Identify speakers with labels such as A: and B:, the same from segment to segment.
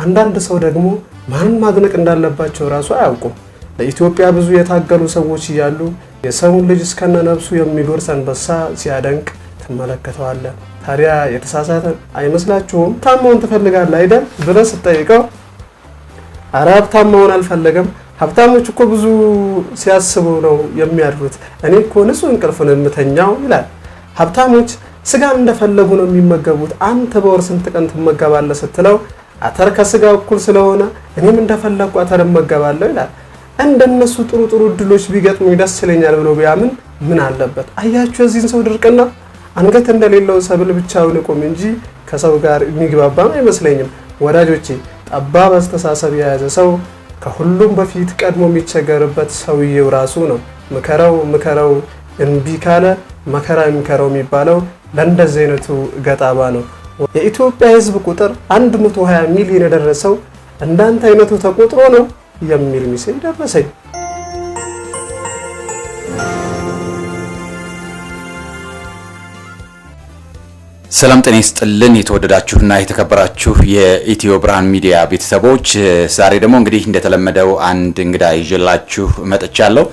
A: አንዳንድ ሰው ደግሞ ማንን ማድነቅ እንዳለባቸው ራሱ አያውቁም። ለኢትዮጵያ ብዙ የታገሉ ሰዎች እያሉ የሰውን ልጅ እስከነ ነብሱ የሚጎርስ አንበሳ ሲያደንቅ ትመለከተዋለን። ታዲያ የተሳሳተ አይመስላችሁም? ታማውን ትፈልጋለህ አይደል ብለህ ስትጠይቀው? አረ ሀብታማውን አልፈለገም። ሀብታሞች እኮ ብዙ ሲያስቡ ነው የሚያድሩት። እኔ እኮ ንጹህ እንቅልፍን የምተኛው ይላል። ሀብታሞች ስጋን እንደፈለጉ ነው የሚመገቡት። አንተ በወር ስንት ቀን ትመገባለህ ስትለው አተር ከስጋ እኩል ስለሆነ እኔም እንደፈለግኩ አተር እመገባለሁ ይላል። እንደነሱ ጥሩ ጥሩ እድሎች ቢገጥሙ ደስ ይለኛል ብሎ ቢያምን ምን አለበት? አያችሁ የዚህን ሰው ድርቅና አንገት እንደሌለው ሰብል ብቻውን ይቁም እንጂ ከሰው ጋር የሚግባባም አይመስለኝም። ወዳጆቼ ጠባብ አስተሳሰብ የያዘ ሰው ከሁሉም በፊት ቀድሞ የሚቸገርበት ሰውየው ራሱ ነው። ምከረው ምከረው እምቢ ካለ መከራ የሚከረው የሚባለው ለእንደዚህ አይነቱ ገጣባ ነው። የኢትዮጵያ ሕዝብ ቁጥር 120 ሚሊዮን የደረሰው እንዳንተ አይነቱ ተቆጥሮ ነው የሚል ሚስል ደረሰኝ።
B: ሰላም ጤና ይስጥልን። የተወደዳችሁና የተከበራችሁ የኢትዮ ብርሃን ሚዲያ ቤተሰቦች ዛሬ ደግሞ እንግዲህ እንደተለመደው አንድ እንግዳ ይዤላችሁ መጥቻለሁ።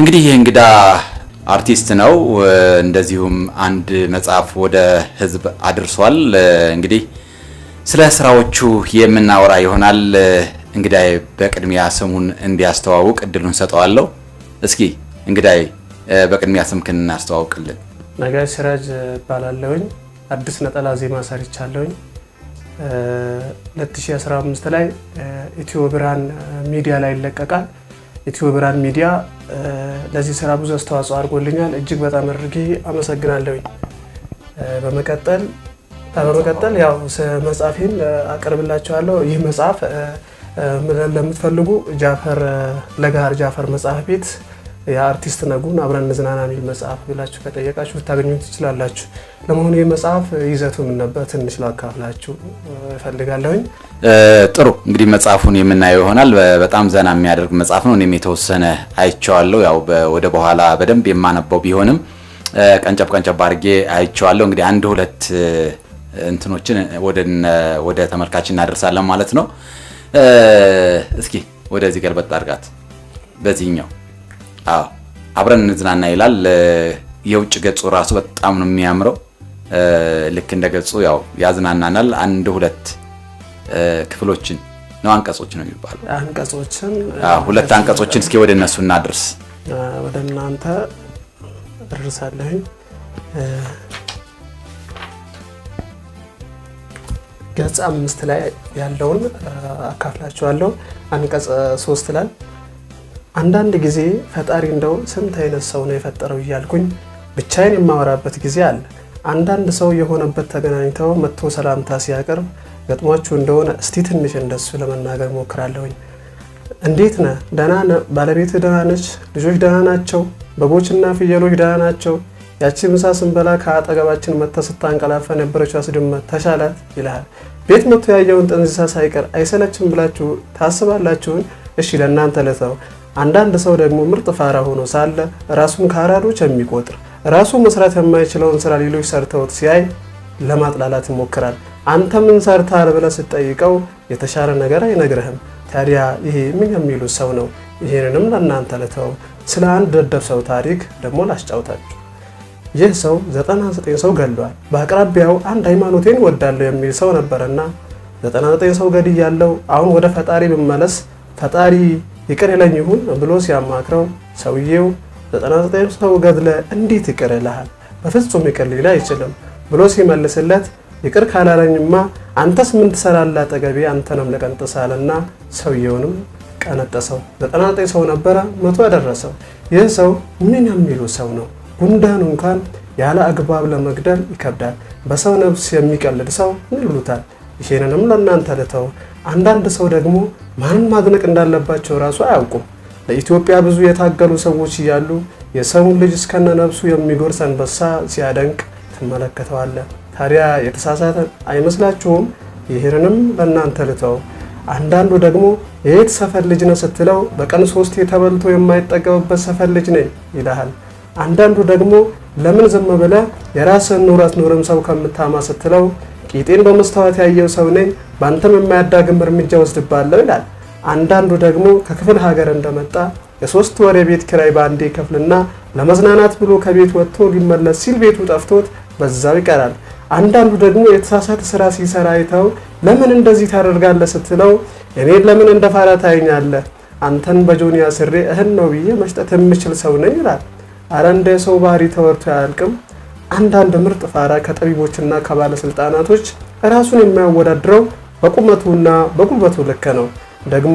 B: እንግዲህ ይህ እንግዳ አርቲስት ነው። እንደዚሁም አንድ መጽሐፍ ወደ ህዝብ አድርሷል። እንግዲህ ስለ ስራዎቹ የምናወራ ይሆናል። እንግዳይ በቅድሚያ ስሙን እንዲያስተዋውቅ እድሉን ሰጠዋለሁ። እስኪ እንግዳይ በቅድሚያ ስምክን እናስተዋውቅልን።
C: ነጋሽ ሲራጅ እባላለሁኝ። አዲስ ነጠላ ዜማ ሰርቻለሁኝ። 2015 ላይ ኢትዮ ብርሃን ሚዲያ ላይ ይለቀቃል። የኢትዮ ሚዲያ ለዚህ ስራ ብዙ አስተዋጽኦ አድርጎልኛል። እጅግ በጣም አድርጌ አመሰግናለሁኝ። በመቀጠል በመቀጠል ያው መጽሐፌን አቀርብላችኋለሁ። ይህ መጽሐፍ ለምትፈልጉ ጃፈር ጃፈር መጽሐፍ ቤት የአርቲስት ነጉን አብረን እንዝናና የሚል መጽሐፍ ብላችሁ ከጠየቃችሁ ልታገኙ ትችላላችሁ። ለመሆኑ ይህ መጽሐፍ ይዘቱ ምን ነበር? ትንሽ ላካፍላችሁ እፈልጋለሁኝ።
B: ጥሩ እንግዲህ መጽሐፉን የምናየው ይሆናል። በጣም ዘና የሚያደርግ መጽሐፍ ነው። እኔም የተወሰነ አይቼዋለሁ። ያው ወደ በኋላ በደንብ የማነበው ቢሆንም ቀንጨብ ቀንጨብ አድርጌ አይቼዋለሁ። እንግዲህ አንድ ሁለት እንትኖችን ወደ ተመልካች እናደርሳለን ማለት ነው። እስኪ ወደዚህ ገልበጥ አድርጋት በዚህኛው አብረን እንዝናና ይላል። የውጭ ገጹ ራሱ በጣም ነው የሚያምረው። ልክ እንደ ገጹ ያው ያዝናናናል። አንድ ሁለት ክፍሎችን ነው አንቀጾች ነው የሚባሉ
C: አንቀጾችን
B: ሁለት አንቀጾችን እስኪ ወደ እነሱ እናድርስ።
C: ወደ እናንተ ደርሳለሁኝ። ገጽ አምስት ላይ ያለውን አካፍላችኋለሁ። አንቀጽ ሶስት ላይ አንዳንድ ጊዜ ፈጣሪ እንደው ስንት አይነት ሰው ነው የፈጠረው እያልኩኝ ብቻዬን የማወራበት ጊዜ አለ። አንዳንድ ሰው የሆነበት ተገናኝተው መጥቶ ሰላምታ ሲያቀርብ ገጥሟችሁ እንደሆነ እስቲ ትንሽ እንደሱ ለመናገር ሞክራለሁኝ። እንዴት ነ ደህና ነህ? ባለቤትህ ደህና ነች? ልጆች ደህና ናቸው? በጎችና ፍየሎች ደህና ናቸው? ያቺ ምሳ ስንበላ ከአጠገባችን መጥተ ስታንቀላፋ ነበረች አስድመ ተሻላት ይልሃል። ቤት መጥቶ ያየውን ጥንዚሳ ሳይቀር አይሰለችም ብላችሁ ታስባላችሁን? እሺ ለእናንተ ለተው አንዳንድ ሰው ደግሞ ምርጥ ፋራ ሆኖ ሳለ ራሱን ከአራዶች የሚቆጥር ራሱ መስራት የማይችለውን ስራ ሌሎች ሰርተውት ሲያይ ለማጥላላት ይሞክራል። አንተ ምን ሰርታል ብለህ ስትጠይቀው የተሻለ ነገር አይነግርህም። ታዲያ ይሄ ምን የሚሉት ሰው ነው? ይህንንም ለእናንተ ልተው። ስለ አንድ ደደብ ሰው ታሪክ ደግሞ ላስጫውታችሁ። ይህ ሰው 99 ሰው ገድሏል። በአቅራቢያው አንድ ሃይማኖቴን ወዳለሁ የሚል ሰው ነበርና 99 ሰው ገድያለሁ፣ አሁን ወደ ፈጣሪ ብመለስ ፈጣሪ ይቅር ይለኝ ይሁን ብሎ ሲያማክረው ሰውዬው 99 ሰው ገድለ እንዴት ይቅር ይልሃል? በፍጹም ይቅር ሊል አይችልም ብሎ ሲመልስለት ይቅር ካላለኝማ አንተስ ምን ትሰራለህ አጠገቤ አንተንም ልቀንጥሳልና ሰውየውንም ቀነጠሰው። 99 ሰው ነበረ፣ መቶ አደረሰው። ይህ ሰው ምን የሚሉ ሰው ነው? ጉንዳኑ እንኳን ያለ አግባብ ለመግደል ይከብዳል። በሰው ነፍስ የሚቀልድ ሰው ምን ይሉታል? ይሄንንም ለእናንተ ልተው። አንዳንድ ሰው ደግሞ ማንን ማድነቅ እንዳለባቸው ራሱ አያውቁም። ለኢትዮጵያ ብዙ የታገሉ ሰዎች እያሉ የሰውን ልጅ እስከነ ነብሱ የሚጎርስ አንበሳ ሲያደንቅ ትመለከተዋለህ። ታዲያ የተሳሳተ አይመስላችሁም? ይህንንም ለእናንተ ልተው። አንዳንዱ ደግሞ የየት ሰፈር ልጅ ነህ ስትለው በቀን ሶስት ተበልቶ የማይጠገብበት ሰፈር ልጅ ነኝ ይልሃል። አንዳንዱ ደግሞ ለምን ዝም ብለህ የራስህን ኑረት ኑርም ሰው ከምታማ ስትለው ቂጤን በመስታወት ያየው ሰው ነኝ በአንተም የማያዳግም እርምጃ ወስድባለሁ ይላል። አንዳንዱ ደግሞ ከክፍለ ሀገር እንደመጣ የሶስት ወር የቤት ኪራይ በአንዴ ክፍልና ለመዝናናት ብሎ ከቤት ወጥቶ ሊመለስ ሲል ቤቱ ጠፍቶት በዛው ይቀራል። አንዳንዱ ደግሞ የተሳሳተ ስራ ሲሰራ አይተው ለምን እንደዚህ ታደርጋለህ ስትለው እኔን ለምን እንደ ፋራ ታየኛለህ? አንተን በጆንያ ስሬ እህን ነው ብዬ መስጠት የምችል ሰው ነኝ ይላል። አረ እንደ ሰው ባህሪ ተወርቶ አያልቅም። አንዳንድ ምርጥ ፋራ ከጠቢቦችና ከባለስልጣናቶች ራሱን የማያወዳድረው በቁመቱና በጉልበቱ ልክ ነው። ደግሞ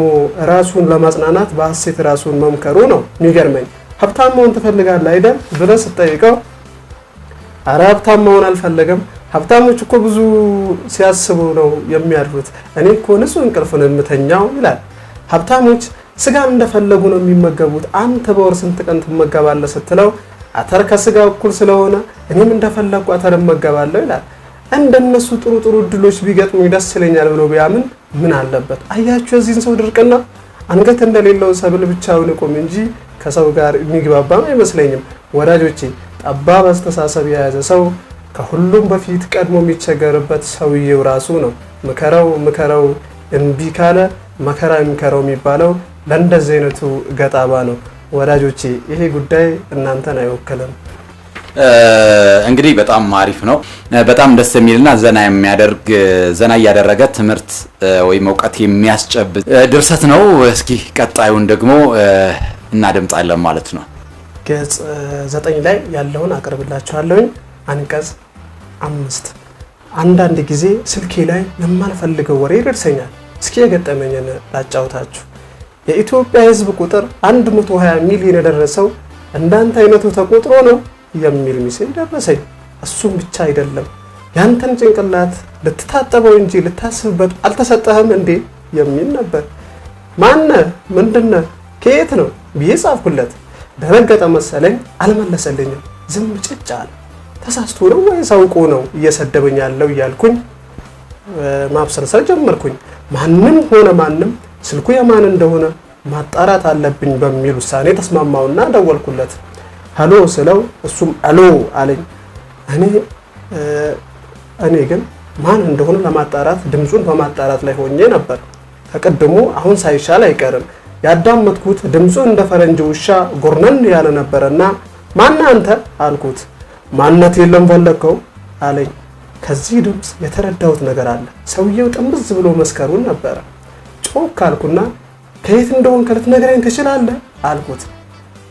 C: ራሱን ለማጽናናት በሐሴት ራሱን መምከሩ ነው የሚገርመኝ። ሀብታም መሆን ትፈልጋለህ አይደል ብለህ ስጠይቀው አረ ሀብታም መሆን አልፈለገም። ሀብታሞች እኮ ብዙ ሲያስቡ ነው የሚያድሩት፣ እኔ እኮ ንጹህ ነው የምተኛው ይላል። ሀብታሞች ስጋን እንደፈለጉ ነው የሚመገቡት። አንተ በወር ስንት ቀን ትመገባለህ ስትለው አተር ከስጋ እኩል ስለሆነ እኔም እንደፈለግኩ አተር እመገባለሁ ይላል። እንደነሱ ጥሩ ጥሩ እድሎች ቢገጥሙ ደስ ይለኛል ብሎ ቢያምን ምን አለበት? አያችሁ የዚህን ሰው ድርቅና አንገት እንደሌለው ሰብል ብቻውን ይቁም እንጂ ከሰው ጋር የሚግባባም አይመስለኝም። ወዳጆቼ ጠባብ አስተሳሰብ የያዘ ሰው ከሁሉም በፊት ቀድሞ የሚቸገርበት ሰውዬው ራሱ ነው። ምከረው ምከረው እምቢ ካለ መከራ የሚከረው የሚባለው ለእንደዚህ አይነቱ ገጣባ ነው። ወዳጆቼ ይሄ ጉዳይ እናንተን አይወክልም።
B: እንግዲህ በጣም አሪፍ ነው። በጣም ደስ የሚልና ዘና የሚያደርግ ዘና እያደረገ ትምህርት ወይም እውቀት የሚያስጨብጥ ድርሰት ነው። እስኪ ቀጣዩን ደግሞ እናደምጣለን ማለት ነው።
C: ገጽ ዘጠኝ ላይ ያለውን አቅርብላችኋለሁኝ። አንቀጽ አምስት አንዳንድ ጊዜ ስልኬ ላይ ለማልፈልገው ወሬ ይደርሰኛል። እስኪ የገጠመኝን ላጫውታችሁ። የኢትዮጵያ ሕዝብ ቁጥር 120 ሚሊዮን የደረሰው እንዳንተ አይነቱ ተቆጥሮ ነው የሚል ሚስል ደረሰኝ። እሱም ብቻ አይደለም ያንተን ጭንቅላት ልትታጠበው እንጂ ልታስብበት አልተሰጠህም እንዴ የሚል ነበር። ማነ ምንድነ ከየት ነው ብዬ ጻፍኩለት። ደነገጠ መሰለኝ፣ አልመለሰልኝም። ዝም ጭጭ አለ። ተሳስቶ ነው ወይ ሳውቆ ነው እየሰደበኝ ያለው እያልኩኝ ማብሰልሰል ጀመርኩኝ። ማንም ሆነ ማንም ስልኩ የማን እንደሆነ ማጣራት አለብኝ በሚል ውሳኔ ተስማማውና ደወልኩለት። ሀሎ ስለው እሱም አሎ አለኝ። እኔ እኔ ግን ማን እንደሆነ ለማጣራት ድምፁን በማጣራት ላይ ሆኜ ነበር። ከቅድሙ አሁን ሳይሻል አይቀርም። ያዳመጥኩት ድምፁ እንደ ፈረንጅ ውሻ ጎርነን ያለ ነበረና ማን አንተ አልኩት። ማንነት የለም ፈለግከው አለኝ። ከዚህ ድምፅ የተረዳሁት ነገር አለ። ሰውየው ጥምዝ ብሎ መስከሩን ነበረ። ጮክ አልኩና ከየት እንደሆንክ ልትነግረኝ ትችላለህ አልኩት።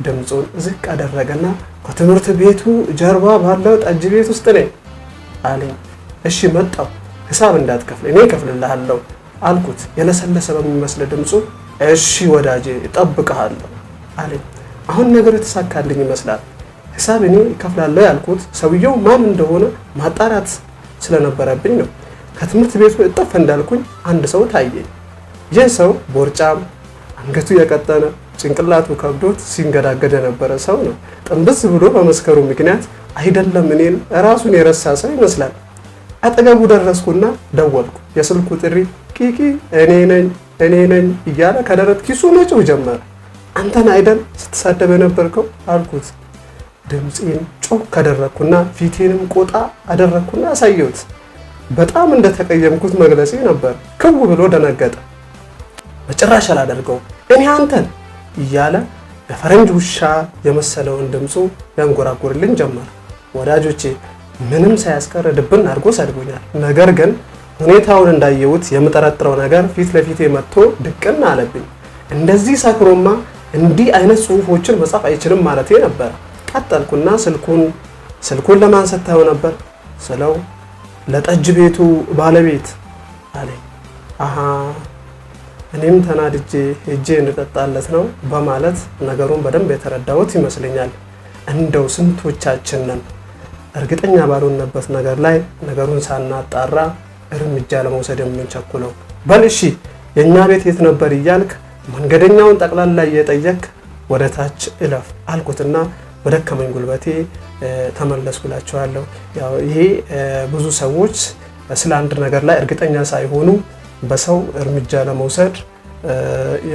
C: ድምፁን ዝቅ አደረገና ከትምህርት ቤቱ ጀርባ ባለው ጠጅ ቤት ውስጥ ነኝ አለኝ። እሺ መጣሁ፣ ሂሳብ እንዳትከፍል እኔ እከፍልልሃለሁ አልኩት የለሰለሰ በሚመስል ድምፁ። እሺ ወዳጄ እጠብቅሃለሁ አለኝ። አሁን ነገር የተሳካልኝ ይመስላል። ሂሳብ እኔ እከፍላለሁ ያልኩት ሰውየው ማን እንደሆነ ማጣራት ስለነበረብኝ ነው። ከትምህርት ቤቱ እጠፍ እንዳልኩኝ አንድ ሰው ታየኝ። ይህ ሰው ቦርጫም፣ አንገቱ የቀጠነ ጭንቅላቱ ከብዶት ሲንገዳገድ የነበረ ሰው ነው። ጥንብዝ ብሎ በመስከሩ ምክንያት አይደለም እኔን ራሱን የረሳ ሰው ይመስላል። አጠገቡ ደረስኩና ደወልኩ። የስልኩ ጥሪ ቂቂ እኔ ነኝ እኔ ነኝ እያለ ከደረት ኪሱ መጮህ ጀመረ። አንተን አይደል ስትሳደብ የነበርከው አልኩት። ድምፄን ጮክ ከደረግኩና ፊቴንም ቆጣ አደረግኩና አሳየሁት። በጣም እንደተቀየምኩት መግለጼ ነበር። ክው ብሎ ደነገጠ። በጭራሽ አላደርገው እኔ አንተን እያለ የፈረንጅ ውሻ የመሰለውን ድምፁ ያንጎራጉርልኝ ጀመር። ወዳጆቼ ምንም ሳያስቀር ድብን አድርጎ ሰድቦኛል። ነገር ግን ሁኔታውን እንዳየሁት የምጠረጥረው ነገር ፊት ለፊቴ መጥቶ ድቅን አለብኝ። እንደዚህ ሰክሮማ እንዲህ አይነት ጽሁፎችን መጻፍ አይችልም ማለቴ ነበር። ቀጠልኩና ስልኩን ስልኩን ለማንሳት ነበር ስለው ለጠጅ ቤቱ ባለቤት አለኝ። አሃ እኔም ተናድጄ እጄ እንጠጣለት ነው በማለት ነገሩን በደንብ የተረዳሁት ይመስለኛል። እንደው ስንቶቻችን ነን እርግጠኛ ባልሆንበት ነገር ላይ ነገሩን ሳናጣራ እርምጃ ለመውሰድ የምንቸኩለው? በል እሺ የእኛ ቤት የት ነበር እያልክ መንገደኛውን ጠቅላላ እየጠየቅ ወደ ታች እለፍ አልኩትና በደከመኝ ጉልበቴ ተመለስኩ ይሄ ብዙ ሰዎች ስለ አንድ ነገር ላይ እርግጠኛ ሳይሆኑ በሰው እርምጃ ለመውሰድ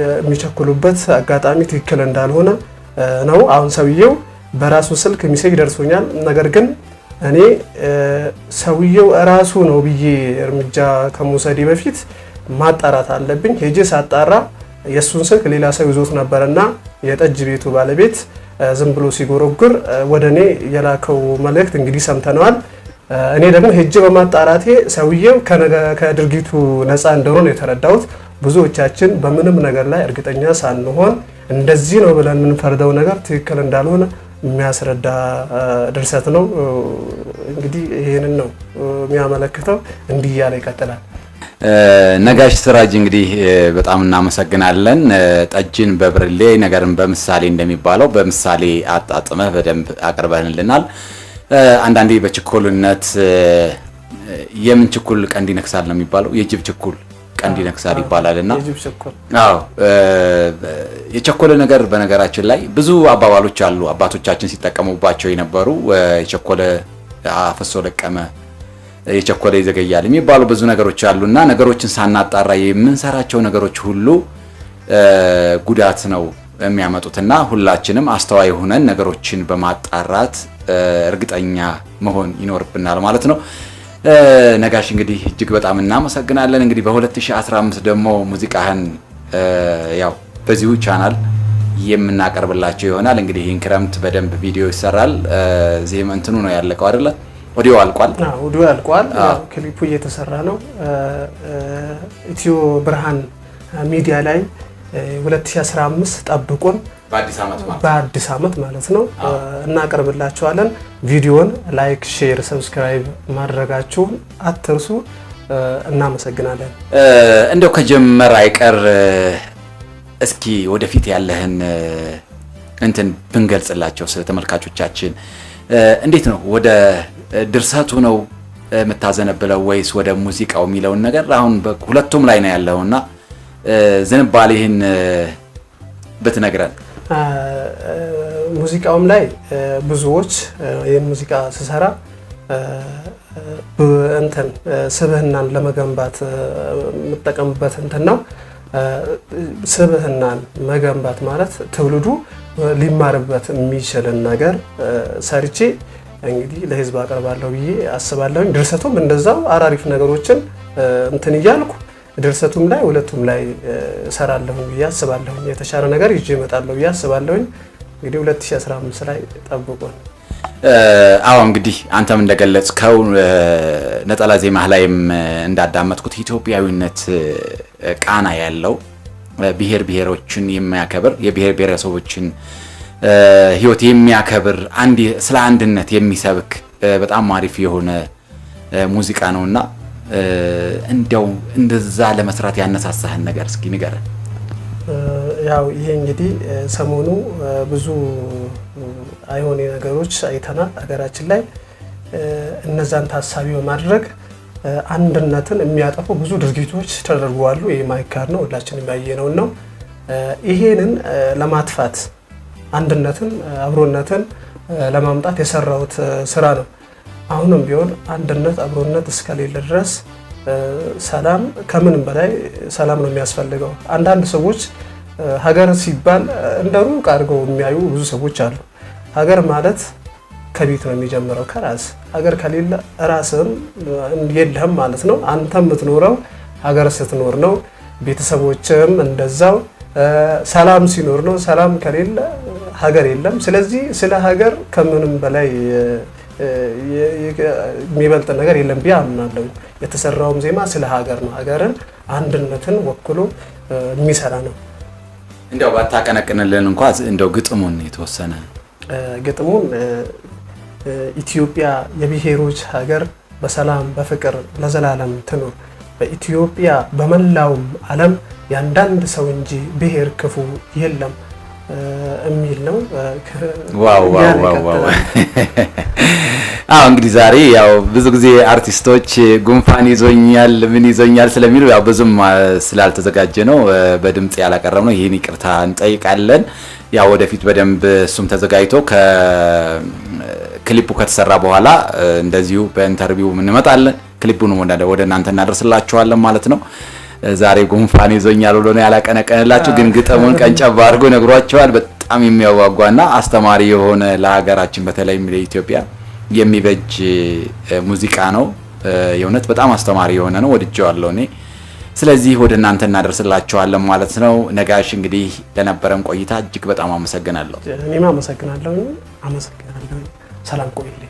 C: የሚቸኩሉበት አጋጣሚ ትክክል እንዳልሆነ ነው። አሁን ሰውየው በራሱ ስልክ ሚሴጅ ደርሶኛል። ነገር ግን እኔ ሰውየው እራሱ ነው ብዬ እርምጃ ከመውሰዴ በፊት ማጣራት አለብኝ። ሄጄ ሳጣራ የእሱን ስልክ ሌላ ሰው ይዞት ነበር የጠጅ ቤቱ ባለቤት ዝም ብሎ ሲጎረጉር ወደ እኔ የላከው መልእክት እንግዲህ ሰምተነዋል። እኔ ደግሞ ሄጄ በማጣራቴ ሰውዬው ከድርጊቱ ነፃ እንደሆነ ነው የተረዳሁት። ብዙዎቻችን በምንም ነገር ላይ እርግጠኛ ሳንሆን እንደዚህ ነው ብለን የምንፈርደው ነገር ትክክል እንዳልሆነ የሚያስረዳ ድርሰት ነው። እንግዲህ ይህንን ነው የሚያመለክተው። እንዲህ እያለ ይቀጥላል።
B: ነጋሽ ስራጅ እንግዲህ በጣም እናመሰግናለን። ጠጅን በብርሌ ነገርን በምሳሌ እንደሚባለው በምሳሌ አጣጥመህ በደንብ አቅርበህልናል። አንዳንዴ በችኮልነት የምን ችኩል ቀንድ ይነክሳል ነው የሚባለው። የጅብ ችኩል ቀንድ ይነክሳል ይባላል እና አዎ የቸኮለ ነገር በነገራችን ላይ ብዙ አባባሎች አሉ አባቶቻችን ሲጠቀሙባቸው የነበሩ የቸኮለ አፍሶ ለቀመ የቸኮለ ይዘገያል የሚባሉ ብዙ ነገሮች አሉ እና ነገሮችን ሳናጣራ የምንሰራቸው ነገሮች ሁሉ ጉዳት ነው የሚያመጡትና ሁላችንም አስተዋይ ሆነን ነገሮችን በማጣራት እርግጠኛ መሆን ይኖርብናል ማለት ነው። ነጋሽ እንግዲህ እጅግ በጣም እናመሰግናለን። እንግዲህ በ2015 ደግሞ ሙዚቃህን ያው በዚሁ ቻናል የምናቀርብላቸው ይሆናል። እንግዲህ ይህን ክረምት በደንብ ቪዲዮ ይሰራል። ዜም እንትኑ ነው ያለቀው አይደለ? ኦዲዮ አልቋል።
C: ኦዲዮ አልቋል። ክሊፑ እየተሰራ ነው። ኢትዮ ብርሃን ሚዲያ ላይ 2015 ጠብቁን። በአዲስ ዓመት ማለት ነው እናቀርብላችኋለን። ቪዲዮን ላይክ፣ ሼር፣ ሰብስክራይብ ማድረጋችሁን አትርሱ። እናመሰግናለን።
B: እንደው ከጀመር አይቀር እስኪ ወደፊት ያለህን እንትን ብንገልጽላቸው ስለ ተመልካቾቻችን እንዴት ነው? ወደ ድርሰቱ ነው የምታዘነብለው ወይስ ወደ ሙዚቃው የሚለውን ነገር አሁን ሁለቱም ላይ ነው ያለውና ዝንባሌህን ብትነግረን።
C: ሙዚቃውም ላይ ብዙዎች ይህን ሙዚቃ ስሰራ እንትን ስብህናን ለመገንባት የምጠቀምበት እንትን ነው። ስብህናን መገንባት ማለት ትውልዱ ሊማርበት የሚችልን ነገር ሰርቼ እንግዲህ ለህዝብ አቀርባለሁ ብዬ አስባለሁኝ። ድርሰቱም እንደዛው አራሪፍ ነገሮችን እንትን እያልኩ ድርሰቱም ላይ ሁለቱም ላይ እሰራለሁ ብዬ አስባለሁ። የተሻለ ነገር ይዤ እመጣለሁ ብዬ አስባለሁኝ። እንግዲህ 2015 ላይ ጠብቆን።
B: አዎ እንግዲህ አንተም እንደገለጽከው ነጠላ ዜማህ ላይም እንዳዳመጥኩት ኢትዮጵያዊነት ቃና ያለው ብሔር ብሔሮችን የሚያከብር የብሔር ብሔረሰቦችን ሕይወት የሚያከብር ስለ አንድነት የሚሰብክ በጣም አሪፍ የሆነ ሙዚቃ ነውና እንዲያው እንደዛ ለመስራት ያነሳሳህን ነገር እስኪ ንገረን።
C: ያው ይሄ እንግዲህ ሰሞኑ ብዙ አይሆን ነገሮች አይተናል ሀገራችን ላይ። እነዛን ታሳቢ በማድረግ አንድነትን የሚያጠፉ ብዙ ድርጊቶች ተደርጓሉ። ይሄ ማይካድ ነው፣ ሁላችን ያየነውን ነው። ይሄንን ለማጥፋት አንድነትን፣ አብሮነትን ለማምጣት የሰራሁት ስራ ነው። አሁንም ቢሆን አንድነት፣ አብሮነት እስከሌለ ድረስ ሰላም ከምንም በላይ ሰላም ነው የሚያስፈልገው። አንዳንድ ሰዎች ሀገር ሲባል እንደ ሩቅ አድርገው የሚያዩ ብዙ ሰዎች አሉ። ሀገር ማለት ከቤት ነው የሚጀምረው፣ ከራስ ሀገር ከሌለ ራስም የለህም ማለት ነው። አንተ የምትኖረው ሀገር ስትኖር ነው። ቤተሰቦችም እንደዛው ሰላም ሲኖር ነው። ሰላም ከሌለ ሀገር የለም። ስለዚህ ስለ ሀገር ከምንም በላይ የሚበልጥ ነገር የለም ብዬ አምናለሁ። የተሰራውም ዜማ ስለ ሀገር ነው። ሀገርን አንድነትን ወክሎ የሚሰራ ነው።
B: እንዲያው ባታቀነቅንልን እንኳ እንደው ግጥሙን የተወሰነ
C: ግጥሙን ኢትዮጵያ የብሔሮች ሀገር በሰላም በፍቅር ለዘላለም ትኑር። በኢትዮጵያ በመላውም ዓለም የአንዳንድ ሰው እንጂ ብሔር ክፉ የለም። የሚል ነው።
B: አዎ እንግዲህ ዛሬ ያው ብዙ ጊዜ አርቲስቶች ጉንፋን ይዞኛል ምን ይዞኛል ስለሚሉ ያው ብዙም ስላልተዘጋጀ ነው በድምጽ ያላቀረብ ነው። ይህን ይቅርታ እንጠይቃለን። ያው ወደፊት በደንብ እሱም ተዘጋጅቶ ክሊፑ ከተሰራ በኋላ እንደዚሁ በኢንተርቪው እንመጣለን። ክሊፑንም ወደ እናንተ እናደርስላችኋለን ማለት ነው። ዛሬ ጉንፋን ይዞኛል ብሎ ነው ያላቀነቀንላችሁ። ግን ግጥሙን ቀንጨብ አድርጎ ነግሯቸዋል። በጣም የሚያዋጓና አስተማሪ የሆነ ለሀገራችን በተለይም ለኢትዮጵያ የሚበጅ ሙዚቃ ነው። የእውነት በጣም አስተማሪ የሆነ ነው። ወድጀዋለሁ እኔ። ስለዚህ ወደ እናንተ እናደርስላችኋለን ማለት ነው። ነጋሽ እንግዲህ ለነበረን ቆይታ እጅግ በጣም አመሰግናለሁ።
C: እኔም አመሰግናለሁ። አመሰግናለሁ። ሰላም ቆይልኝ።